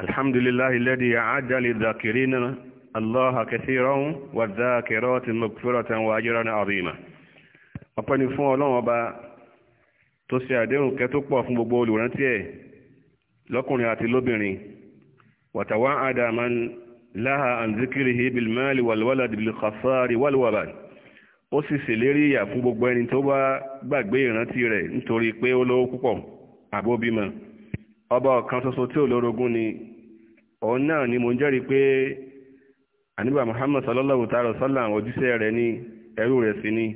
الحمد لله الذي أعد للذاكرين الله كثيرا والذاكرات مغفرة وأجرا عظيما ọpẹ́ni fún ọlọ́run ọba tó ṣe àdéhùn kẹ́ tó pọ̀ fún gbogbo olùrántí ẹ̀ lọ́kùnrin àti lóbìnrin wàtàwá àdàmà láha àǹzíkiri ibil ó sì ṣèlérí ìyà fún gbogbo ẹni tó bá gbàgbé ìrántí rẹ̀ nítorí pé ó lówó àbóbímọ ọba ṣoṣo tí ò lórogún ni òun náà ni mo ń jẹ́rìí pé àníbà Muhammad salallahu ta'ala sallam ojúṣe rẹ̀ ní ẹrú rẹ̀ sí ní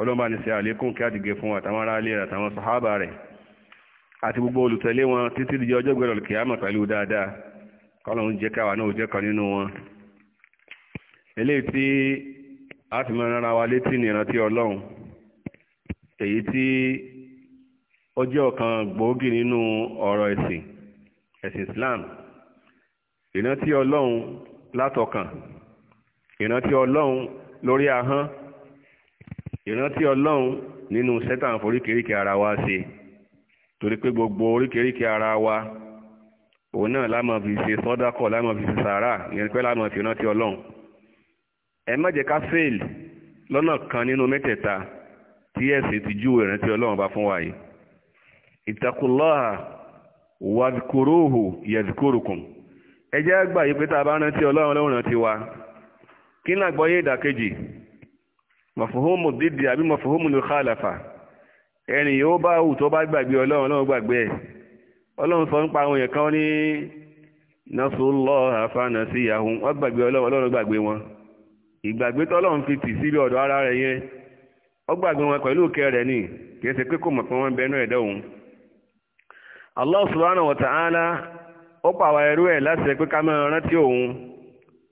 ọlọ́mà ní sí àlékún kí àdìgẹ fún àtàwọn ará gbogbo olùtẹ̀lé wọn títí di ọjọ́ gbẹ̀rọ̀ kìámà pẹ̀lú dáadáa kọ́lọ̀hún jẹ́ káwa náà jẹ́ kan nínú wọn tí a ti mọ ara wa létí ní ìrántí ọlọ́run èyí tí ó jẹ́ ọ̀kan gbòógì Islam ìrántí ọlọ́run látọkàn ìrántí ọlọ́run lórí ahọ́n ìrántí ọlọ́run nínú sẹ́tàn foríkèríkè ara wa ṣe torí pé gbogbo oríkèríkè ara wa òun náà lámọ̀ fi ṣe sọ́dákọ̀ lámọ̀ fi ṣe sàárà ìyẹn pé lámọ̀ fi rántí ọlọ́run ẹ má jẹ́ ká fail lọ́nà kan nínú mẹ́tẹ̀ẹ̀ta tí ẹ̀sìn ti júwèé ìrántí ọlọ́run bá fún wa yìí ìtàkùlọ́hà wàdìkòróhù yẹ̀dìkòrókùn ẹ jẹ́ gbà yí pé tá a bá rántí ọlọ́run ló rántí wa kí náà gbọ́ yé ìdàkejì mọ̀fúhùmù dídì àbí mọ̀fúhùmù ló khalafa ẹni yóò bá hù tó bá gbàgbé ọlọ́run ọlọ́run gbàgbé ẹ̀ ọlọ́run sọ àwọn èèyàn kan ní wọ́n gbàgbé wọn ìgbàgbé tọ́lọ́run fi tì ọ̀dọ̀ ara rẹ̀ yẹn gbàgbé wọn pẹ̀lú ìkẹ́ rẹ̀ ni kì í ṣe pé kò mọ̀ pé wọ́n ó pàwà ẹrú ẹ̀ láti pé ká máa rántí òun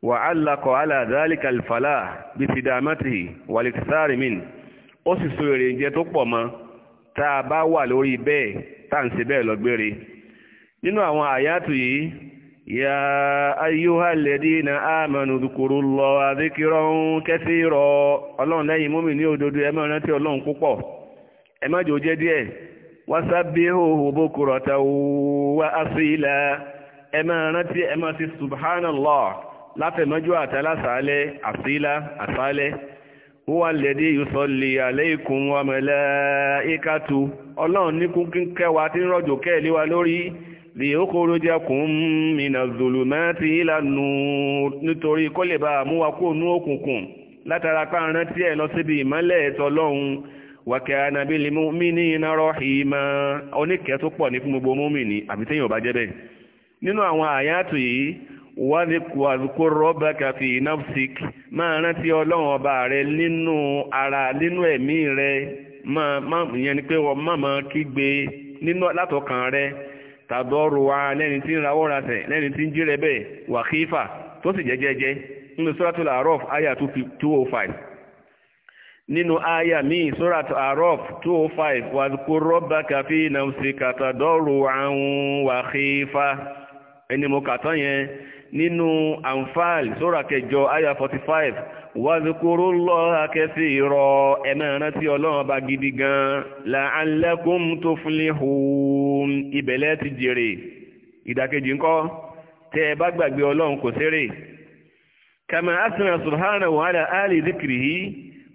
wà á lakọ̀ aláàdáríkà ìfàlà bí ti dàmátì ó sì so èrè jẹ tó pọ̀ mọ́ tá a bá wà lórí bẹ́ẹ̀ tá à ya ọlọ́run lẹ́yìn ní òdodo ẹ máa rántí ọlọ́run púpọ̀ ẹ má jò jẹ́ díẹ̀ ẹ máa rántí ẹ ti subhanallah látẹ̀mọ́jú àtàlásàálẹ̀ àsílá àsálẹ̀ huwa lẹ́dí yusalli alaykum wa malaikatu ọlọ́run ní kẹwàá tí ń rọ̀jò kẹ́ẹ̀lé wa lórí li yukhrijakum minaz nítorí kó lè bá kó nú òkùnkùn látara pa rántí ẹ̀ lọ síbi ìmọ́lẹ̀ ẹ̀tọ́ ọlọ́run oníkẹ́ tó pọ̀ ní fún gbogbo àbí téèyàn bá jẹ́ nínú àwọn àyàtò yìí wàdíkù rọ́bàkà fi nafsik máa rántí ọlọ́run ọba rẹ nínú ara nínú ẹ̀mí rẹ ìyẹn ni pé wọ́n mọ̀mọ́ kígbe nínú látọkàn rẹ tàbọ̀rù wa lẹ́ni tí ń rawọ́ rasẹ̀ lẹ́ni tí ń jí rẹ bẹ́ẹ̀ wà kífà tó sì jẹ́jẹ́jẹ́ nínú suratul Araf aya 205 nínú aya míì suratul Araf 205 wàdíkù rọ́bàkà fi nafsik tàbọ̀rù wa wà kífà ẹni mo kà tán yẹn nínú Anfal sóra kẹjọ aya 45 wadhkurullaha kathira ẹ máa rántí ọlọ́run bá gidi gan la'allakum tuflihun ibẹ̀lẹ́ ti jèrè ìdàkejì ńkọ́ tẹ́ ẹ bá gbàgbé ọlọ́run kò sérè kama asna subhanahu ala ali dhikrihi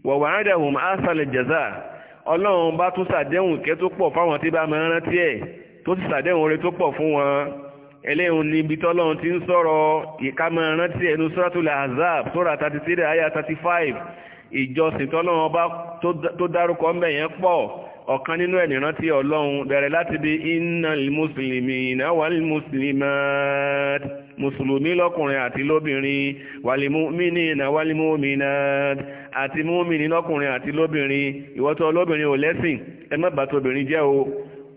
wa wa'adahum asal jaza ọlọ́run bá tún sàdéhùn kẹ́ tó pọ̀ fáwọn tí bá máa rántí ẹ̀ tó sì sàdéhùn rẹ̀ tó pọ̀ fún wọn ẹlẹ́hun ni ibi tọ́lọ́run ti ń sọ̀rọ̀ ìkámọ́ rántí ẹnu suratul Ahzab sura 33 àyà 35 ìjọsìn tọ́lọ́run ọba tó dárúkọ ń bẹ̀yẹn pọ̀ ọ̀kan nínú ẹ̀ nìrántí ọlọ́run bẹ̀rẹ̀ láti bí innal muslimina wal muslimat mùsùlùmí lọ́kùnrin àti lóbìnrin wal mu'minina wal mu'minat àti múmìnì lọ́kùnrin àti lóbìnrin ìwọ́tọ̀ lóbìnrin ò lẹ́sìn ẹ má bàtò obìnrin jẹ́ o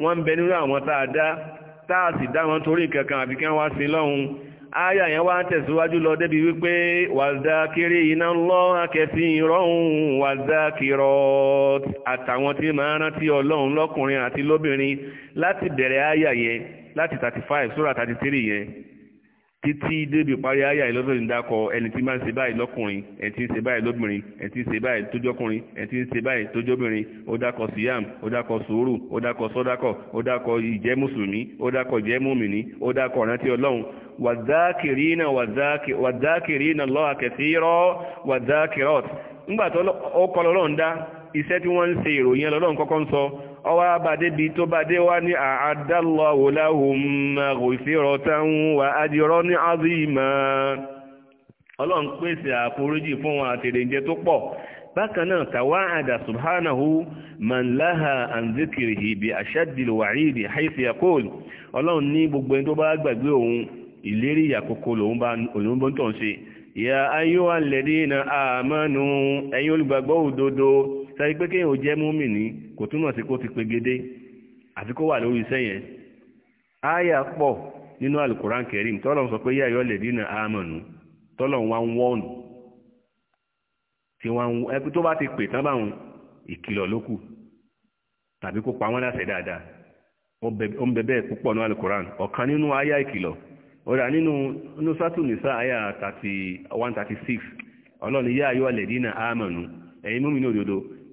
wọ́n ń bẹ nínú àwọn tá a dá táàsì dá wọn torí kankan àbí kí wọ́n sin lọ́hun ayà yẹn wá ń tẹ̀síwájú lọ débi wípé wàzákiri iná lọ́ akẹ́sí ìrọ̀hún wàzákirọ̀ àtàwọn tí máa rántí ọlọ́run lọ́kùnrin àti lóbìnrin láti bẹ̀rẹ̀ ayà yẹn láti 35 sóra 33 yẹn títí débi parí ayé àìlọ́dọ̀ ní dákọ̀ ẹni tí máa ń ṣe báyìí lọ́kùnrin ẹni tí ń ṣe báyìí lóbìnrin ẹni tí ń ṣe báyìí tójọ́kùnrin ẹni tí ń ṣe báyìí tójọ́bìnrin ó dákọ̀ siam ó dákọ̀ sùúrù ó dákọ̀ sọ́dákọ̀ ó dákọ̀ ìjẹ́ mùsùlùmí ó dákọ̀ ìjẹ́ mùmìnì ó dákọ̀ ọ̀rántí ọlọ́run wàdákìrínà wàdákìrínà lọ́wọ́ kẹsìrọ́ wàdákìrọ́t ọwá bàdébi tó bàdé wá ní a'addallahu lahum maghfiratan wa ajran 'azima ọlọ́run pèsè àforíjì fún wọn tó pọ̀ bákan náà tawa'ada subhanahu ní gbogbo tó bá gbàgbé òun ìlérí ìyàkókò lòun bá ń tọ̀ ń ya ayyuhalladhina t'a pé kéèyàn ò jẹ́ múmìnì kò túmọ̀ sí kó ti pegedé àti kó wà lórí iṣẹ́ yẹn ááyà pọ̀ nínú alukoran kẹrim tọ́lọ̀ sọ pé yíyàyọ́ lè dínà àmọ̀nù tọ́lọ̀ wá ń wọ́ọ̀nù tí tó bá ti pè tán báwọn ìkìlọ̀ ló tàbí kó pa wọ́n láṣẹ dáadáa ó ń bẹ púpọ̀ nínú alukoran ọ̀kan nínú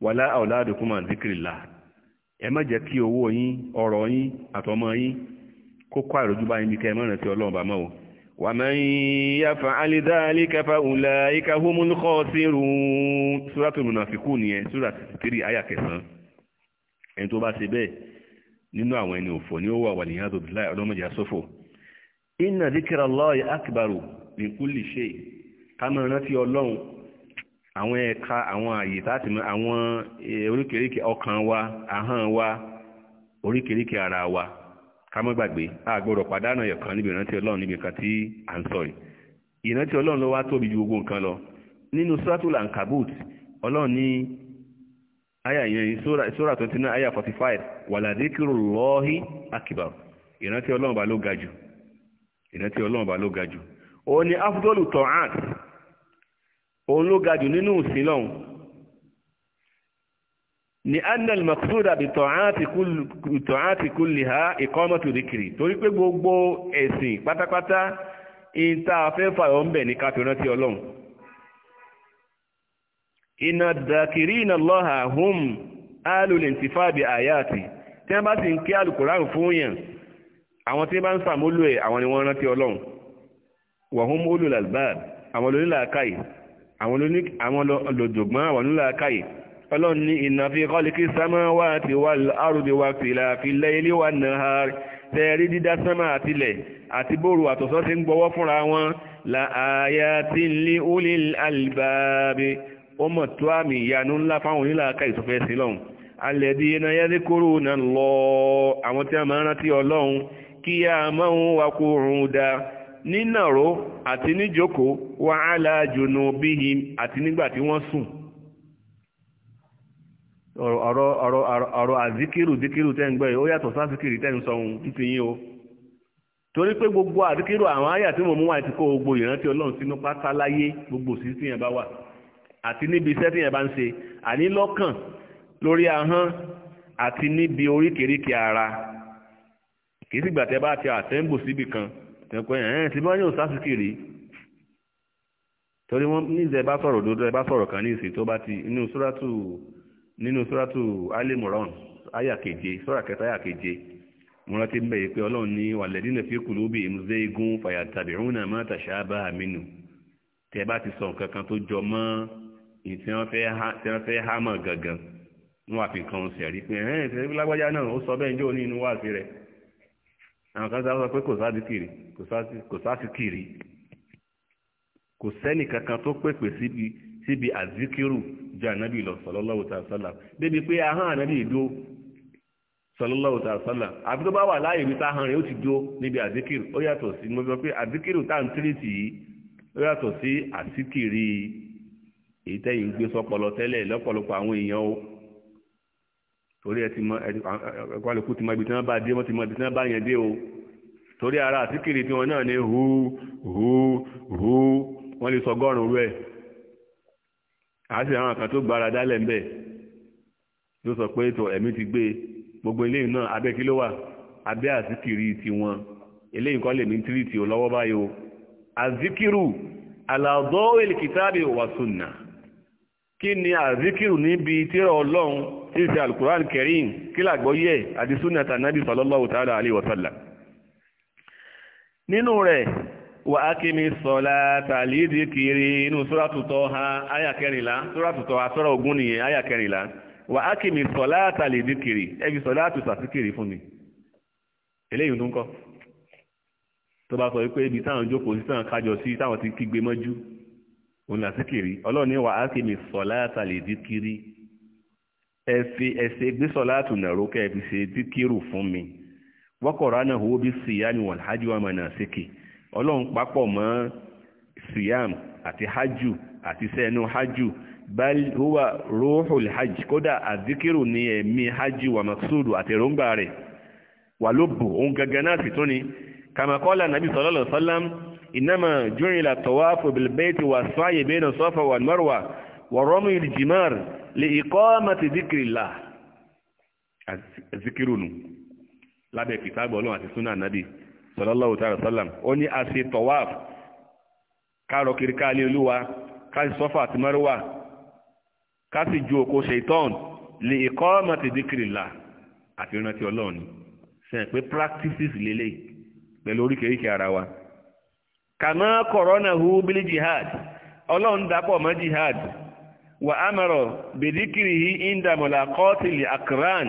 wàlá àwòládùkúmà zikirìlá ẹ má jẹ́ kí owó yín ọ̀rọ̀ yín àtọmọ yín kó kó àìrójú bá yín bí kẹ́ ẹ mọ́rin sí ọlọ́run bá mọ́ o wà man yaf'al dhalika fa ulaika humul khasirun suratul munafiqun nìyẹn sura 63 àyà kẹsàn-án àwọn ẹ̀ka àwọn àyè láti àwọn e, oríkèéríkèé ọkàn wa ahọ́n wa ara wa ká gbàgbé a gbọ́dọ̀ pàdánù ẹ̀kan níbi ìrántí ọlọ́run níbi nǹkan tí à ń sọ yìí ìrántí ọlọ́run ló wá tóbi ju lọ nínú ọlọ́run ní aya ìyẹn sura twenty nine aya forty five ìrántí ọlọ́run bá ló ga jù ìrántí ọlọ́run bá ló ga jù òun ni òun ló ga jù nínú ìsìn lọ́hùn ni annal maksuda bi tọ̀hánti kúlì ha ìkọ́mọ̀tò dìkìrì torí pé gbogbo ẹ̀sìn pátápátá in tá a fẹ́ fàyọ̀ ń bẹ̀ ní káfí rántí ọlọ́run iná dàkìrí iná lọ́hà hum alùlẹ̀ ti fàbí àyàtì tí wọ́n bá sì ń kí alùkùránù fún yàn àwọn tí bá ń sàmúlò ẹ̀ àwọn ni wọ́n rántí ọlọ́run wàhún olùlàlbáàd àwọn olónílàákàyè àwọn olójògbọ́n àwọn nílò akáyè ọlọ́run ní ìnà fi kọ́líkí sámáwá àti wà lárùdí wa fìlà fìlẹ̀ ilé wa náà tẹ́rí dídá sánmà àtilẹ̀ àti bóòrù àtọ̀sọ́ ti ń gbọ́wọ́ fúnra wọn la tí ń lé ólè ó mọ̀ tó àmì ìyanu ńlá fáwọn onílà aká nínàró àti níjókòó wà á láàjùnú bí i àti nígbà tí wọ́n sùn ọ̀rọ̀ ọ̀rọ̀ ọ̀rọ̀ àzíkìrù díkìrù tẹ́ ń gbẹ́ ó yàtọ̀ sásíkìrì tẹ́ ń sọ ohun títí yín o torí pé gbogbo àdíkìrù àwọn àyà tí mo mú wá ti kó gbogbo ìrántí ọlọ́run sínú pátá láyé gbogbo sí tí yẹn bá wà àti níbi iṣẹ́ tí yẹn bá ń ṣe àní lọ́kàn lórí ahọ́n àti níbi oríkèéríkèé ara kì sì gbà tẹ́ bá ti àtẹ́ǹbù síbì kan tẹ́kọ̀ ẹ̀ẹ́n ti bá yóò sásìkiri torí wọ́n ní ìzẹ̀ bá sọ̀rọ̀ dúdú ẹ bá sọ̀rọ̀ kan ní ìsìn tó bá ti inú sóràtù nínú sóràtù alimuran àyà keje sóra kẹta àyà keje mo rántí bẹ́ẹ̀ pé ọlọ́run ní wàlẹ́dínà fi kùlù bí ìmúzẹ́ igun fàyàtàbírúnà má tàṣà bá àmínú tẹ́ bá ti sọ nǹkan kan tó jọ mọ́ ìtì wọ́n fẹ́ hámọ̀ gangan wọ́n àfi nǹkan ṣẹ̀rí pé ẹ̀ẹ́n ìṣẹ́lágbájá náà ó sọ bẹ́ẹ̀ jó ní inú wáàsí rẹ̀ àwọn kan sọ pé kò sáàdì kiri kò sáàsì kiri kò sẹ́nì kankan tó pèpè síbi síbi àzíkírù ju ànábì lọ sallallahu ta'ala sallam débi pé ahọ́n ànábì ìdó sallallahu ta'ala sallam àfi tó bá wà láàyè mi táhàn rẹ̀ ó ti dó níbi àzíkírù ó yàtọ̀ sí mo sọ pé àzíkírù tá à ń tírìtì yìí ó o torí ẹ ti mọ ẹkọ́lẹ̀kú ti mọ ibi tí wọ́n bá dé wọ́n ti mọ ibi tí wọ́n bá yẹn dé o torí ara àtíkìrì tí wọ́n náà ní hu hu hu wọ́n lè sọgọ́rùn-ún rẹ̀ àti àwọn kan tó gbára dálẹ̀ ń bẹ̀ ló sọ pé tó ẹ̀mí ti gbé e. gbogbo eléyìí náà abẹ́ kí ló wà abẹ́ àtíkìrì ti wọn eléyìí kọ́ lèmi tírìtì ò lọ́wọ́ báyìí o àzíkìrù àlàdọ́ èlìkìtàbí wàsùnà kí ni àzíkìrù níbi tírà ọlọ́run ìsẹ̀ alukuran kẹrin kílà gbọ́yẹ̀ àti súnàtà nábì sallallahu ta'ala alaihi wa sallam nínú rẹ̀ wà á kí mi sọ̀lá tàlídìí kiri inú suratu Taha àyà kẹrìnlá suratu Taha sọ́rọ̀ ogún nìyẹn àyà kẹrìnlá wà á kí mi sọ̀lá tàlídìí kiri ẹbí sọ̀lá àtùsàsíkiri fún mi eléyìí ló ń kọ́ tó bá sọ wípé ibi táwọn jókòó sí ẹ̀fẹ́ ẹ̀sẹ̀ gbésọ̀ láàtù nàró kẹ́ẹ̀fì ṣe díkìrù fún mi wọ́kọ̀rá náà owó bí síyáàmì wọ̀n hajj wa mọ̀nà síkì ọlọ́run papọ̀ mọ́ síyáàmù àti hajj àti sẹ́nu hajj bal huwa ruhul hajj kódà àdíkìrù ní ẹ̀mí hajj wa maksudu àti èròǹgbà rẹ̀ wà ló bù òun gangan náà sì tún ni kàmàkọ́lá nàbí sallallahu alaihi wasallam innama ju'ila tawafu bil bayti wà sáàyè bayna safa wal marwa wà rọ́mù ìlì jìmáàrì lè ìkọ́ mọ́tì zikirila zikirunu lábẹ́ kìtàbù ọlọ́run àti súnà nàbì sallallahu ta'ala sallam ó ní a ṣe tọ̀wáf káàrọ̀ kiri káàlé olúwa káàsì sọ́fà àti mẹ́rùwà káàsì ju òkò ṣèitọ́n lè ìkọ́ mọ́tì zikirila àti rántí ọlọ́run ni sẹ́yìn pé practices lélẹ̀ pẹ̀lú oríkèéríkèé ara wa kàmá kọ̀rọ́nà hu bílí jihad ọlọ́run dàpọ̀ mọ́ jihad wà ámọ̀rọ̀ bèdíkìrì yìí ìndàmọ̀là kọ́tìlì àkìrán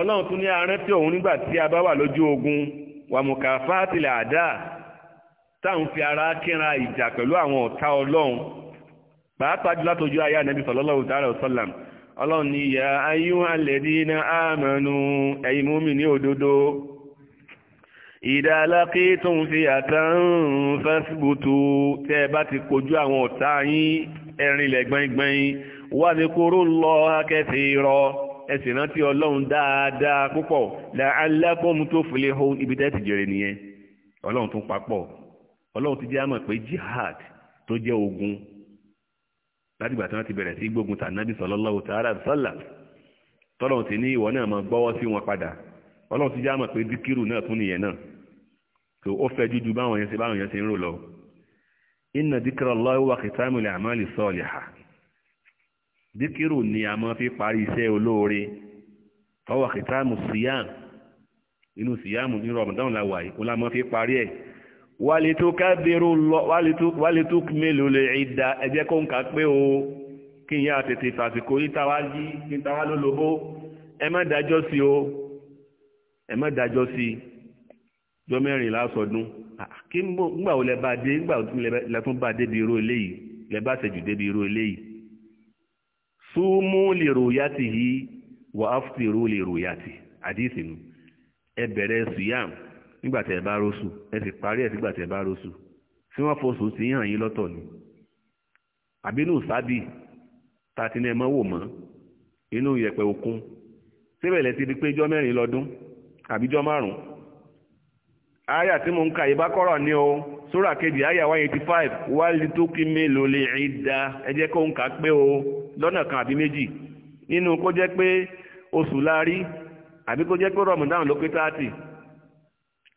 ọlọ́run tún ní àárín tí òun nígbà tí a bá wà lójú ogun wà mùkà fátìlì àdá táwọn fi ara kíra ìjà pẹ̀lú àwọn ọ̀tá ọlọ́run pàápàá jù látọjú ayé ànábì sallallahu ta'ala wa sallam ọlọ́run ní ya ayyuhal ladina amanu ẹ̀yin òdodo ìdálàkí tó fi àtàn fẹ́sibútù tẹ́ ẹ bá ti kojú àwọn ọ̀tá yín Erinle ilẹ̀ gbẹ̀ngbẹ̀n wà ní kúrú lọ akẹ́fẹ́ rọ ẹ̀sìn rántí ọlọ́run dáadáa púpọ̀ làálẹ́kùn tó fìlẹ̀ hó ibi tẹ́ ti jèrè nìyẹn ọlọ́run tún papọ̀ ọlọ́run ti jẹ́ àmọ̀ pé jihad tó jẹ́ ogun lati tí wọ́n ti bẹ̀rẹ̀ sí gbógun tànàbí sọ́là tọ́lọ́run ti ní ìwọ náà mọ̀ gbọ́wọ́ sí wọn padà ọlọ́run ti jẹ́ àmọ̀ pé díkírù náà tún nìyẹn náà tó lọ inna dhikrallahi huwa khitamul a'mali salihah díkìrù ni a máa fi parí iṣẹ́ olóore fọwọ́ kìtàmù síyàm inú síyàmù nínú Ramadan la wà yìí ó la máa fi parí ẹ̀ walitukmilu al-idda ẹjẹ́ kó ń ka pé o kí n yá tètè fàsìkò yìí táwa yí kí n táwa ló lobó ẹ má dájọ́ sí o ẹ má dájọ́ sí jọ mẹ́rin lásọdún Ah, ah, kí ngbà wo lẹ bá dé ngbà wo lẹ tún bá débi irú eléyìí lẹ bá ṣẹjù débi irú eléyìí súnmú lè ròyà tì yí wà á fi rú lè ròyà tì àdìsí nu ẹ bẹ̀rẹ̀ suyam nígbà tẹ̀ bá rọ́ṣù ẹ sì parí ẹ̀ sígbà tẹ̀ bá rọ́ṣù tí wọ́n fọṣù sí hàn yín lọ́tọ̀ ni àbínú sábì tàtínú ẹ mọ́ wò mọ́ inú yẹ̀pẹ̀ òkun síbẹ̀ lẹ́sìn pé jọ́ mẹ́rin lọ́dún àbíjọ́ márùn-ún aya tí mo ń ka ìbákọ́rọ̀ ni o sóra kejì aya one eighty five wálé tó kí ida, lè rí da ẹ jẹ́ o lọ́nà kan àbí méjì nínú kó jẹ́ pé oṣù la rí àbí kó jẹ́ pé rọ̀mùdáhùn ló pé táàtì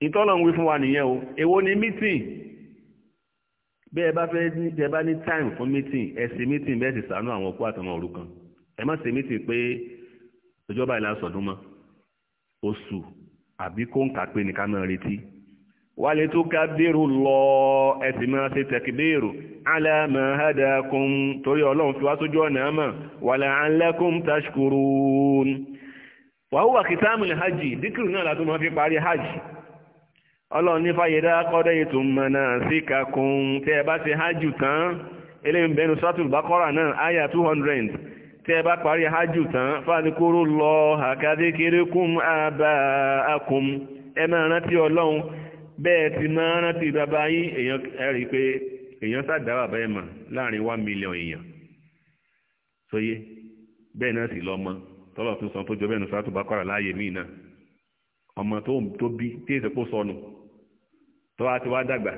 ìtọ́lọ̀ ń wí fún wa nìyẹn o èwo ni meeting bí ẹ bá fẹ́ ní ẹ bá ní time fún meeting ẹ ṣe meeting bẹ́ẹ̀ sì sànú àwọn òkú àtàwọn òrukàn ẹ má ṣe meeting pé ìjọba ìlà sọ̀dún mọ́ oṣù àbí kó ń kà pé nìkan náà retí wálé tó ká bèrò lọ ẹ̀sì máa ṣe tẹ̀kìbèrò aláàmà torí ọlọ́run fi wá sójú ọ̀nà àmà wàlà alákùn tashkurun wàhúwà kìtàmù ní hajj náà látún máa fi parí hajj ọlọ́run ní fàyẹ̀dá kọ́dẹ̀ ètò mọ̀nà síkàkùn tẹ́ ẹ bá ti hajj tán 200 tẹ́ ẹ bá parí tán fàdíkúrú lọ àbá ẹ máa rántí ọlọ́run bẹ́ẹ̀ ti máa rántí bàbá yín èèyàn ẹ̀rí pé èèyàn sàdáwà bẹ́ẹ̀ mọ̀ láàrin one million èèyàn sóyé bẹ́ẹ̀ náà sì lọ́mọ tọ́lọ̀ tún san tó jọ bẹ́ẹ̀ nù sátú bá kọ́ra láàyè míì náà ọmọ tó bí tí èsì kó sọnù tó wá ti wá dàgbà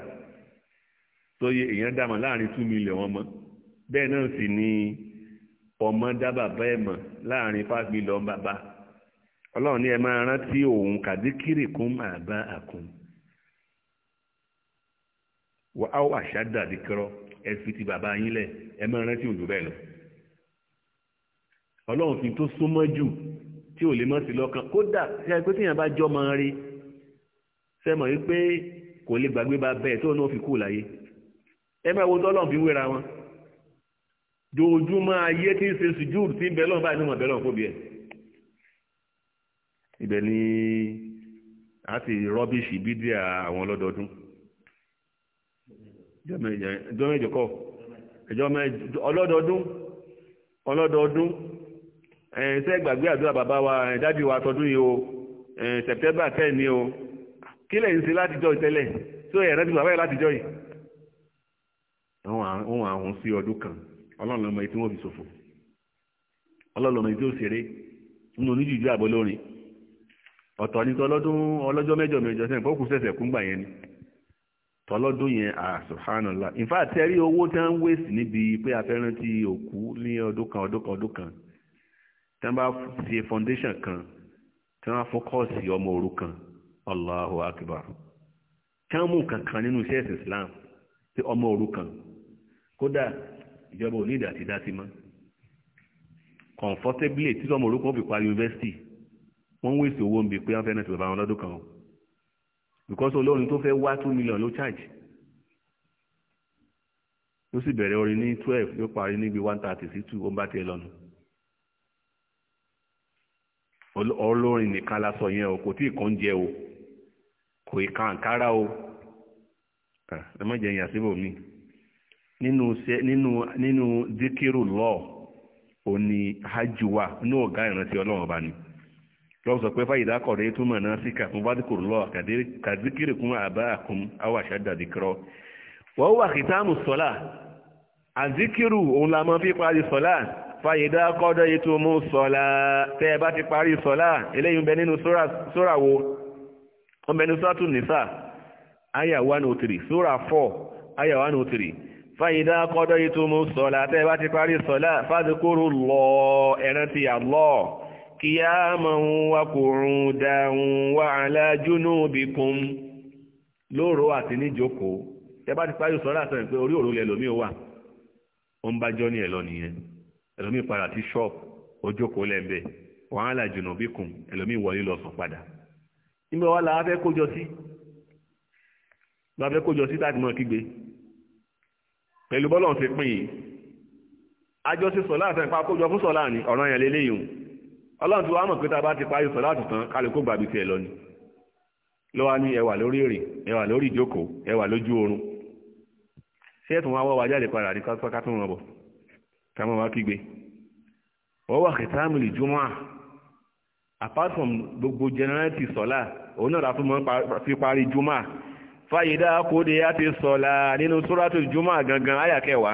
sóyé èèyàn dàmọ̀ láàrin two million ọmọ bẹ́ẹ̀ náà sì ni ọmọ dá bàbá ẹ̀ láàrin five million bàbá ọlọ́run ní ẹ máa rántí òun kàdíkìrì kún màá bá wà á wà ṣáàdà dìkọrọ ẹ fi ti bàbá yín lẹ ẹ máa rántí òjò bẹ́ẹ̀ lọ ọlọ́run fi tó súnmọ́ jù tí ò lè mọ́ sí lọ́kàn kódà tí é pé tíyàn bá jọ́ máa rí sẹ́mọ̀ yìí pé kò lè gbàgbé bá bẹ́ẹ̀ tó náà fi kú láyé ẹ máa wo tọ́lọ́run fi wéra wọn dojúmọ́ ayé tí ń ṣe sùjú tí ń bẹ̀lọ́n báyìí níwọ̀n bẹ̀lọ́n fóbi ẹ̀ ibẹ̀ ni a ti rọ́bìṣì bídíà àwọn ọlọ́dọọdún ọjọ́ méje kọ́ ẹjọ́ méje ọlọ́dọọdún ọlọ́dọọdún ṣe gbàgbé àdúrà bàbá wa dábì wa tọdún yìí o September ten ni o kí lè ń ṣe látijọ́ ìtẹ́lẹ̀ tí ó yẹ rántí bàbá yìí látijọ́ yìí. àwọn àwọn sí ọdún kan ọlọ́run lọ́mọ etí wọ́n fi ṣòfò ọlọ́run lọ́mọ etí ó ṣeré nínú oníjìjú àbọ̀ lórin ọ̀tọ̀ ní tọ́lọ́dún ọlọ́jọ́ mẹ́jọ mẹ́jọ sẹ́yìn fọ́kù sẹ̀sẹ̀ kúngbà yẹn ni tọlọ́dún yẹn ah subhanallah in fact ẹ rí owó tí wọ́n ń waste níbi pé afẹ́rán ti òkú ní ọdún kan ọdún kan ọdún kan tí wọ́n bá ṣe foundation kan tí wọ́n fọ́kọ́ọ̀sì ọmọ òrukàn allahu akbar tí wọ́n mú kankan nínú iṣẹ́ ẹ̀sìn islam pé ọmọ òrukàn kódà ìjọba ò ní ìdá àti dátì mọ́ comfortably tí ọmọ òrukàn fi parí yunifásitì wọ́n waste owó ń bi pé afẹ́rán ti bàbá wọn lọ́dún kan o because olórin tó fẹ́ wá two million ló charge ló sì bẹ̀rẹ̀ orin ní twelve yóò parí níbi one thirty sí two ó ń bá tiẹ̀ lọ́nu olórin nìkan la sọ yẹn o kò tí ì kàn jẹ o kò ì kan àǹkárá o ah, ẹ má jẹ ìyàn síbò mí nínú nínú nínú díkírù lọ́ọ̀ òní hajj wà ní ọ̀gá ìrántí ọlọ́run ọba ni lọ́wọ́ sọ pé fáyidá kọ̀dé túmọ̀ náà sí kàkún bá dìkùrù lọ kàdíkìrì kún àbá àkún awàṣà dàdíkìrọ. wọ́n wà kìtàmù sọ́lá àzíkìrù òun la mọ́ fi parí sọ́lá fáyidá kọ́dọ̀ yìí tó mú sọ́lá tẹ́ ẹ bá ti parí sọ́lá eléyìí ń bẹ nínú sóra wo ń bẹ nínú sọ́tù nìsà àyà 103 sóra 4 àyà 103 fáyidá kọ́dọ̀ yìí tó mú sọ́lá tẹ́ ẹ bá ti parí sọ́lá fádìkùrù lọ ẹ̀rántí Allah قياما وقعودا وعلى جنوبكم lóòrò àti níjókòó tẹ bá ti parí sọ́rọ̀ àtọ́ ìpé orí òrùlẹ̀ ẹlòmíì wà ó ń bá jọ́ ní ẹ̀lọ nìyẹn ẹlòmíì padà sí ṣọ́ọ̀pù ojókòó lẹ́ẹ̀bẹ̀ wàhálà jùnà bíkùn ẹlòmíì wọlé lọ sùn padà nígbà wà láwọn afẹ́ kójọ sí láwọn afẹ́ kójọ sí láti mọ kígbe pẹ̀lú bọ́lọ̀ ń fi pín yìí àjọṣe sọ̀lá àtọ́ ìpá kójọ fún sọ̀lá ní ọ̀ràn yẹn lélẹ́yìn ọlọ́run tí wàá mọ̀ pé tá a bá ti parí sọ̀lá àtúntàn kálukú gbàgbé tiẹ̀ lọ ni lọ́wọ́ ní ẹwà lórí èrè ẹwà lórí ìjókòó ẹwà lójú oorun ṣé ẹ̀tún wá wọ́ wa jáde padà ní kápákátó wọn bọ̀ ká mọ́ wá kígbe wọ́n wà kìtàmìlì jùmọ́ à apart from gbogbo generality sọ̀lá òun náà látún mọ́ fi parí jùmọ́ à fàyídá kóde á ti sọ̀lá nínú sóràtò jùmọ́ à gangan áyà kẹwàá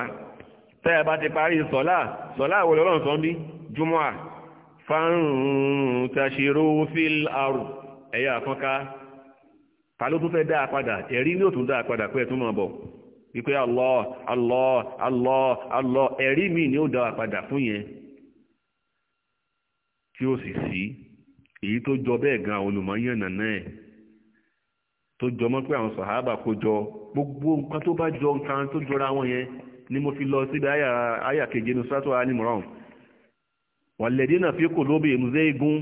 tẹ́ ẹ bá ti parí sọ̀lá sọ̀lá àwọn ọlọ́run sọ́ńbí jùmọ́ à fáàrùn tàṣírò fíl àrùn ẹ̀yà palo ta fẹ́ dáa padà ẹ̀rí ní òtún dáa padà bọ̀ wípé ni ó dáa padà fún yẹn tí ó sì sí èyí tó jọ bẹ́ẹ̀ gan olùmọ̀yàn tó jọ mọ́ pé àwọn sàhábà kó jọ gbogbo nǹkan jọ nǹkan tó jọra yẹn ni mo fi lọ síbi àyà keje ní wàlẹ́dí náà fi kò lóbi ìmúzẹ́ igun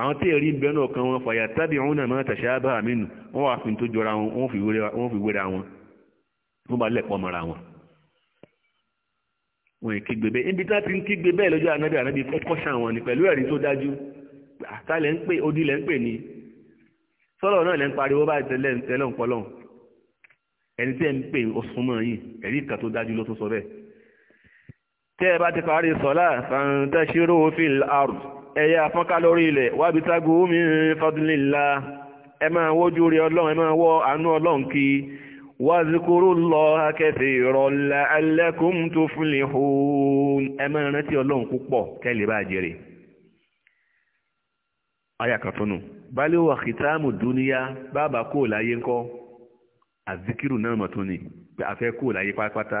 àwọn tí èrí ń bẹnu ọkàn wọn fàyà tábì òun náà máa tàṣà bá àmínú wọn wà fi tó jọra wọn wọn fi wéra wọn wọn bá lẹ̀pọ̀ mọ́ra wọn. wọn è kígbe bẹ́ẹ̀ ibi tá ti ń kígbe bẹ́ẹ̀ lọ́jọ́ anábì anábì kọ́kọ́ ṣà ni pẹ̀lú ẹ̀rí tó dájú àtà lẹ́ ń pè odi lẹ́ ń pè ní sọ́lọ̀ náà lẹ́ ń pariwo bá tẹ́lẹ̀ ń tẹ́lẹ̀ ń tẹ́ ẹ bá ti parí sọ́lá fantashiru fil ard ẹ̀yà fọ́nká lórí ilẹ̀ wabtagu min fadlillah ẹ máa rí ọlọ́run ẹ máa wọ́ àánú ọlọ́run kí wazkurullaha kathiran ẹ máa rántí ọlọ́run púpọ̀ kẹ́lẹ̀ bá jèrè. àyà balẹ̀ wà kìtàmù dúníyà bàbá kó láyé ńkọ́ àzíkírù náà àfẹ́ láyé pátápátá.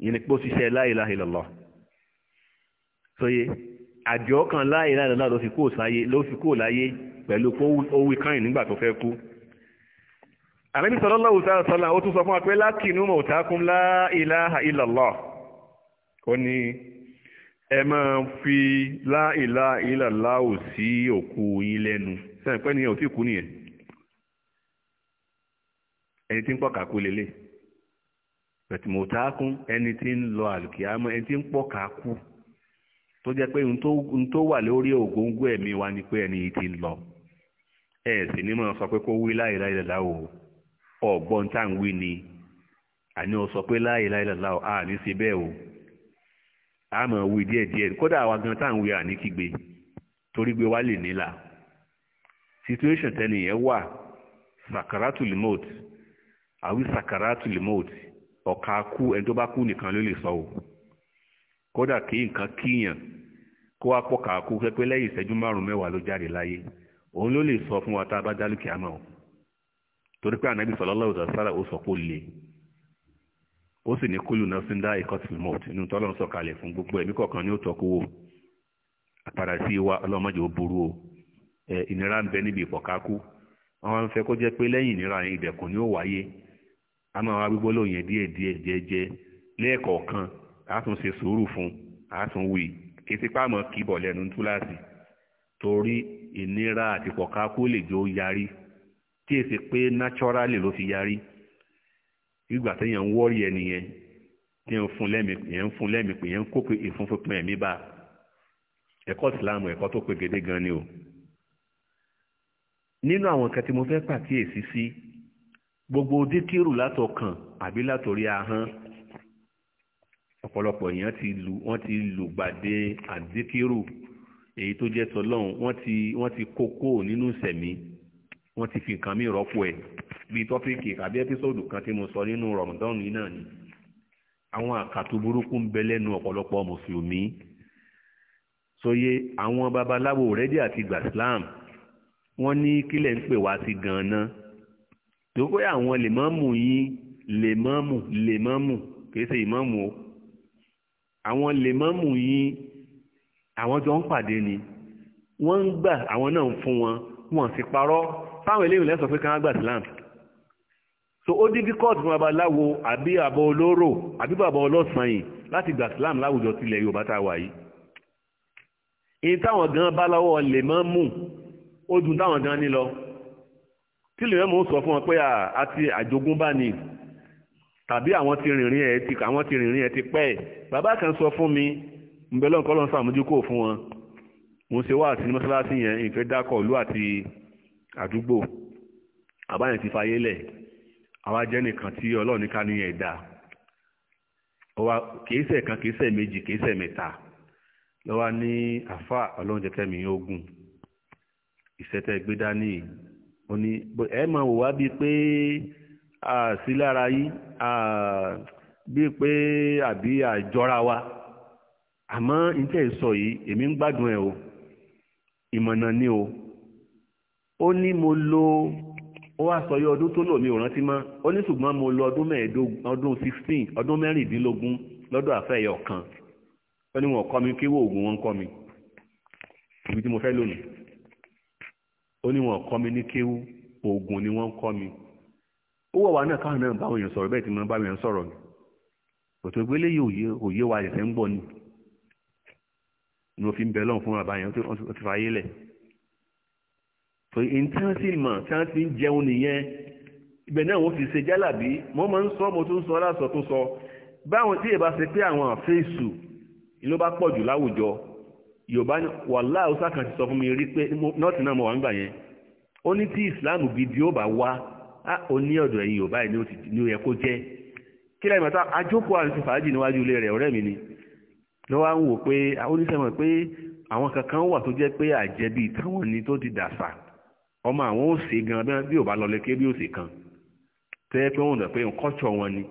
ìyẹn ni pé ó ṣiṣẹ́ la ilaha illallah sóye àjọ kan la ilaha illallah ló fi kó sáyé ló fi kó láyé pẹ̀lú kó owó káyìn nígbà tó fẹ́ kú. ànábì sallallahu alaihi wasallam ó tún sọ fún wa pé lakinu mautakum la ilaha illallah ó ní ẹ máa fi la ilaha illallah ò sí òkú yín lẹ́nu sẹ́yìn mọ̀tákùn ẹni tí ń lọ àlùkìyámọ̀ ẹni tí ń pọ̀ ká kú tó jẹ́ pé ohun tó wà lórí ògóńgó ẹ̀mí wa ni pé ẹni yìí ti lọ ẹ sì ní mọ̀ sọ pé kó wí láìláìlá o ọ̀gbọ́n tá à ń wí ni àní o sọ pé láìláìlá o a ní ṣe bẹ́ẹ̀ o a mọ̀ wí díẹ̀díẹ̀ kódà àwa gan tá ń wí àní kígbe torí gbé wa lè nílà situation tẹ́niyẹn wà sakaratul mot àwí sakaratul mot ọ̀ka kú ẹni tó bá kú nìkan ló lè sọ o kódà kí nǹkan kíyàn kó wá pọ̀ ká kú pẹ́pẹ́ lẹ́yìn ìṣẹ́jú márùn-ún mẹ́wàá ló jáde láyé òun ló lè sọ fún wa tá a bá dálùkì àmọ́ o torí pé ànábì sallallahu alaihi wasallam ó sọ pé ó le ó sì ní kúlù náà sí ń dá ìkọ́sìlì mọ́ọ̀tì inú tọ́lọ́run sọ̀kalẹ̀ fún gbogbo ẹ̀mí kọ̀ọ̀kan ní ó tọ́kú wò àpàdà sí wa ọlọ́mọdé ó burú o ìnira ń bẹ níbi ìpọ̀kákú àwọn afẹ́ kó jẹ́ pé lẹ́yìn ìnira ìdẹ̀kùn ni ó wáyé a máa wá gbígbó lóyún yẹn díẹ̀ díẹ̀ jẹ́jẹ́ lẹ́ẹ̀kọ̀ọ̀kan a tún ṣe sùúrù fún a tún wí kété pàmò kíbọ̀ lẹ́nu túláàsì torí ìnira àti pọ̀kákó lè jó yarí tí èsì pé naturally ló fi yarí ìgbà téèyàn ń wọ́rí ẹni yẹn tí ń fún lẹ́mìí yẹn ń fún lẹ́mìí pé yẹn ń kó pé ìfúnfúnpin ẹ̀mí bá ẹ̀kọ́ ìsìláàmù ẹ̀kọ́ tó pé gédé gan ni o nínú àwọn nǹkan tí mo fẹ́ pàkíyèsí sí gbogbo díkìrù látọkàn àbí látòrí ahọ́n ọ̀pọ̀lọpọ̀ èèyàn ti lù wọ́n ti lùgbàdé àdíkìrù èyí tó jẹ́ tọlọ́run wọ́n ti wọ́n ti kókó nínú sẹ̀mí wọ́n ti fi nǹkan mi rọ́pò ẹ̀ bíi tọ́píìkì àbí ẹ́písòdù kan tí mo sọ nínú rọ̀mọ̀dọ́n yìí náà ni àwọn àkàtú burúkú ń bẹ lẹ́nu ọ̀pọ̀lọpọ̀ mùsùlùmí sóye àwọn babaláwo rẹ́dí àti gbàsílám wọ́n ní kílẹ̀ ń pè wá sí gan-an náà tó pé àwọn lèmọ́mù yín lèmọ́mù lèmọ́mù kìí ṣe ìmọ́mù o àwọn lèmọ́mù yín àwọn jọ ń pàdé ni wọ́n ń gbà àwọn náà ń fún wọn wọ́n sì parọ́ fáwọn eléyìí lẹ́sọ̀ pé káwọn gbà sílám so ó difficult fún babaláwo àbí àbọ̀ olóró àbí bàbá ọlọ́sàn yìí láti gbà sílám láwùjọ tilẹ̀ Yorùbá tá a wà yìí èyí táwọn gan bá lọ́wọ́ lèmọ́mù ó dùn táwọn gan ní lọ tí lè mú sọ fún ọ pé àti àjogúnbá ni tàbí àwọn ti rìnrìn ẹ ti àwọn ti rìnrìn ẹ ti pẹ́ bàbá kan sọ fún mi ǹbẹ̀lọ́ nǹkan lọ́n sàmójúkò fún wọn mo ṣe wá àti ní mọ́ṣáláṣí yẹn ìfẹ́ dákọ̀ ìlú àti àdúgbò àbáyẹn ti fayé lẹ̀ àwa jẹ́ nìkan tí ọlọ́ọ̀ni ká ní ẹ̀dá ọwa kìíṣẹ̀ kan kìíṣẹ̀ méjì kìíṣẹ̀ mẹ́ta lọ́wọ́ ní àfa ọlọ́run jẹ́kẹ́mi ogun ìṣẹ́tẹ́ gbé dání ó ní ẹ máa wò wá bíi pé àsí lára yín bíi pé àbí àjọra wa àmọ́ níta ìsọ yìí èmi ń gbádùn ẹ̀ o ìmọ̀nà ni o ó ní mo lo ó wá sọ yọ ọdún tó lò mí ò rántí mọ́ ó ní ṣùgbọ́n mo lo ọdún mẹ́ẹ̀ẹ́dógún ọdún sixteen ọdún mẹ́rìndínlógún lọ́dọ̀ àfẹ́yọ̀ kan ó ní wọn kọ́ mi kí wọ́n oògùn wọn kọ́ mi ibi tí mo fẹ́ lónìí ó ní wọn kọ́ mi ní kéwú oògùn ni wọ́n kọ́ mi ó wọ̀ wá náà káwọn náà báwọn èèyàn sọ̀rọ̀ bẹ́ẹ̀ tí wọ́n báwọn èèyàn sọ̀rọ̀ ni òtò ìgbélé yìí òye wa ẹ̀sẹ̀ ń bọ̀ ni ni o fi ń bẹ lọ́n fún bàbá ó ti fàyè lẹ̀ so in tí wọ́n sì mọ̀ tí wọ́n ti ń jẹun nìyẹn ibẹ̀ náà wọ́n fi ṣe jálàbí mo máa ń sọ mo tún sọ láṣọ tó sọ báwọn tí èèbá yorùbá wàhálà haúsá kan ti sọ fún mi rí pé nọ́ọ̀tì náà mo wà ń gbà yẹn ó ní tí ìsìláàmù gidi ó bá wá á ó ní ọ̀dọ̀ ẹ̀yìn yorùbá yìí ni ó yẹ kó jẹ́ kí lẹ́yìn mọ́ta ajókòó àti fàájì níwájú ilé rẹ̀ ọ̀rẹ́ mi ni lọ́wọ́ ń wò pé oníṣẹ́mọ̀ pé àwọn kankan wà tó jẹ́ pé àjẹbí táwọn ní tó ti dàsà ọmọ àwọn ò ṣe gan bí ò bá lọ lẹ́kẹ́ bí ò ṣe kan tẹ́ pé wọ́n dọ̀ pé kọ́ṣọ́ wọn ni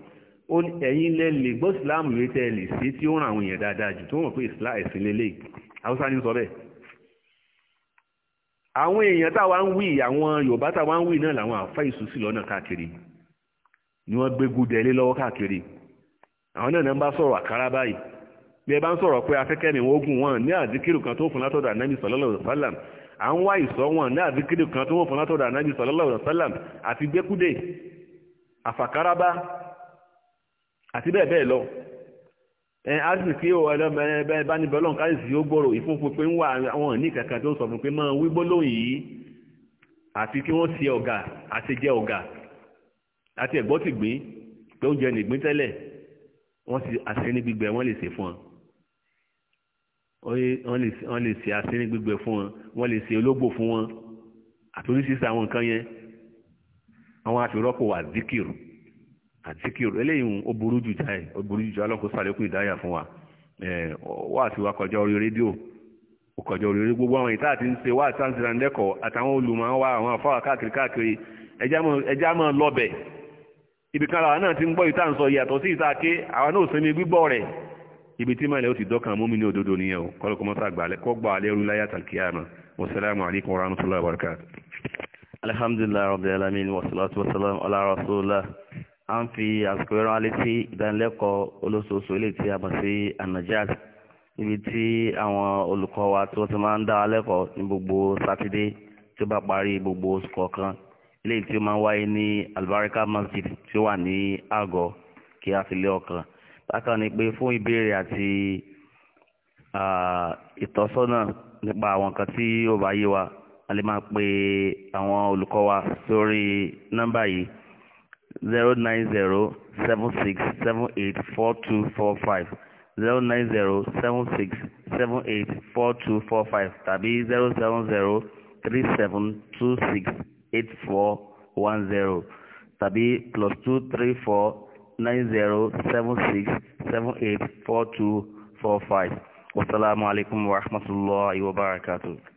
ẹ̀yin lẹ́ lè yìí tẹ́ lè ṣe tí ó ràn àwọn èèyàn dáadáa jù tó wọ́n pé ìsìlá ẹ̀sìn lélẹ́yìí haúsá ni sọ bẹ́ẹ̀ àwọn èèyàn táwa ń wí àwọn yorùbá táwa ń wí náà làwọn àfa ìsúsì lọ́nà káàkiri ni wọ́n gbé gúdẹ̀lé lọ́wọ́ káàkiri àwọn náà ń bá sọ̀rọ̀ àkàrà báyìí bí ẹ bá ń sọ̀rọ̀ pé afẹ́kẹ́ ni wọ́n gùn wọn ní àdíkìrì kan tó fún látọ̀dọ̀ ànábì sallallahu alaihi wasallam à ń wá ìsọ wọn ní àdíkìrì kan tó fún látọ̀dọ̀ ànábì sallallahu alaihi wasallam àti gbẹ́kúdè àfàkàràbá àti bẹ́ẹ̀ bẹ́ẹ̀ lọ ẹ asìkí ọ̀ẹ́dọ́bẹ̀ẹ́bánibẹ̀ọ́lọ́n káyọ̀sì yóò gbòòrò ìfúnpinpin ń wà àwọn ní kankan tó sọ fún pé máa wí gbólóhùn yìí àti kí wọ́n ṣe ọ̀gà àti jẹ ọ̀gà àti ẹ̀gbọ́ ti gbìn pé oúnjẹ nìgbín tẹ́lẹ̀ wọ́n sì àṣírí gbígbẹ wọ́n lè ṣe fún wọn wọ́n lè ṣe àṣírí gbígbẹ fún wọn wọ́n lè ṣe ológbò fún wọn àtúrísí àwọn nǹkan yẹn àwọn àfirọ́pò wà díkìrù àtíkìrò eléyìí ó burú jù jáì ó burú jù ọlọ́kùn sàlékún ìdáyà fún wa eh, wáàsí wa kọjá orí rédíò ó kọjá orí rédíò gbogbo àwọn ìta àti ń ṣe wáàsí àti ìrànlẹ́kọ̀ọ́ àtàwọn olùmọ̀ wa àwọn afọ́wà káàkiri káàkiri ẹjá mọ́ lọ́bẹ̀ ibi kan làwọn náà ti ń gbọ́ ìta ń sọ yàtọ̀ sí ìta ké àwọn náà sinmi gbígbọ́ rẹ̀ ibi tí mọ̀lẹ́ ó ti dọ́kàn mú mi ní òdodo nìyẹn o kọ́lọ́kọ́ mọ́sá gbà lẹ́rú láyà tàkìyàmà wasalaamu alaykum wa rahmatulahi wa barakatuh. alhamdulilayi rabbil alamin wasalaatu wasalaam ala rasulillah a ń fi àsìkò ìran alẹ́ sí ìdánilẹ́kọ̀ọ́ olóṣooṣù eléyìí tí a mọ̀ sí anajaz níbi tí àwọn olùkọ́ wa tí wọ́n ti máa ń dá wa lẹ́kọ̀ọ́ ní gbogbo sátidé tí ó bá parí gbogbo oṣù kọ̀ọ̀kan eléyìí tí ó máa ń wáyé ní albarika masjid tí ó wà ní àgọ́ kí a fi lé ọkàn bákan ni pé fún ìbéèrè àti ìtọ́sọ́nà nípa àwọn nǹkan tí ó bá yé wa a lè máa pe àwọn olùkọ́ wa sórí nọ́mbà yìí zero nine zero seven six seven eight four two four five zero nine zero seven six seven eight four two four five tàbí zero seven zero three seven two six eight four one zero tàbí plus two three four nine zero seven six seven eight four two four five wasalaamualeykum wa rahmatulahi wa barakatuh.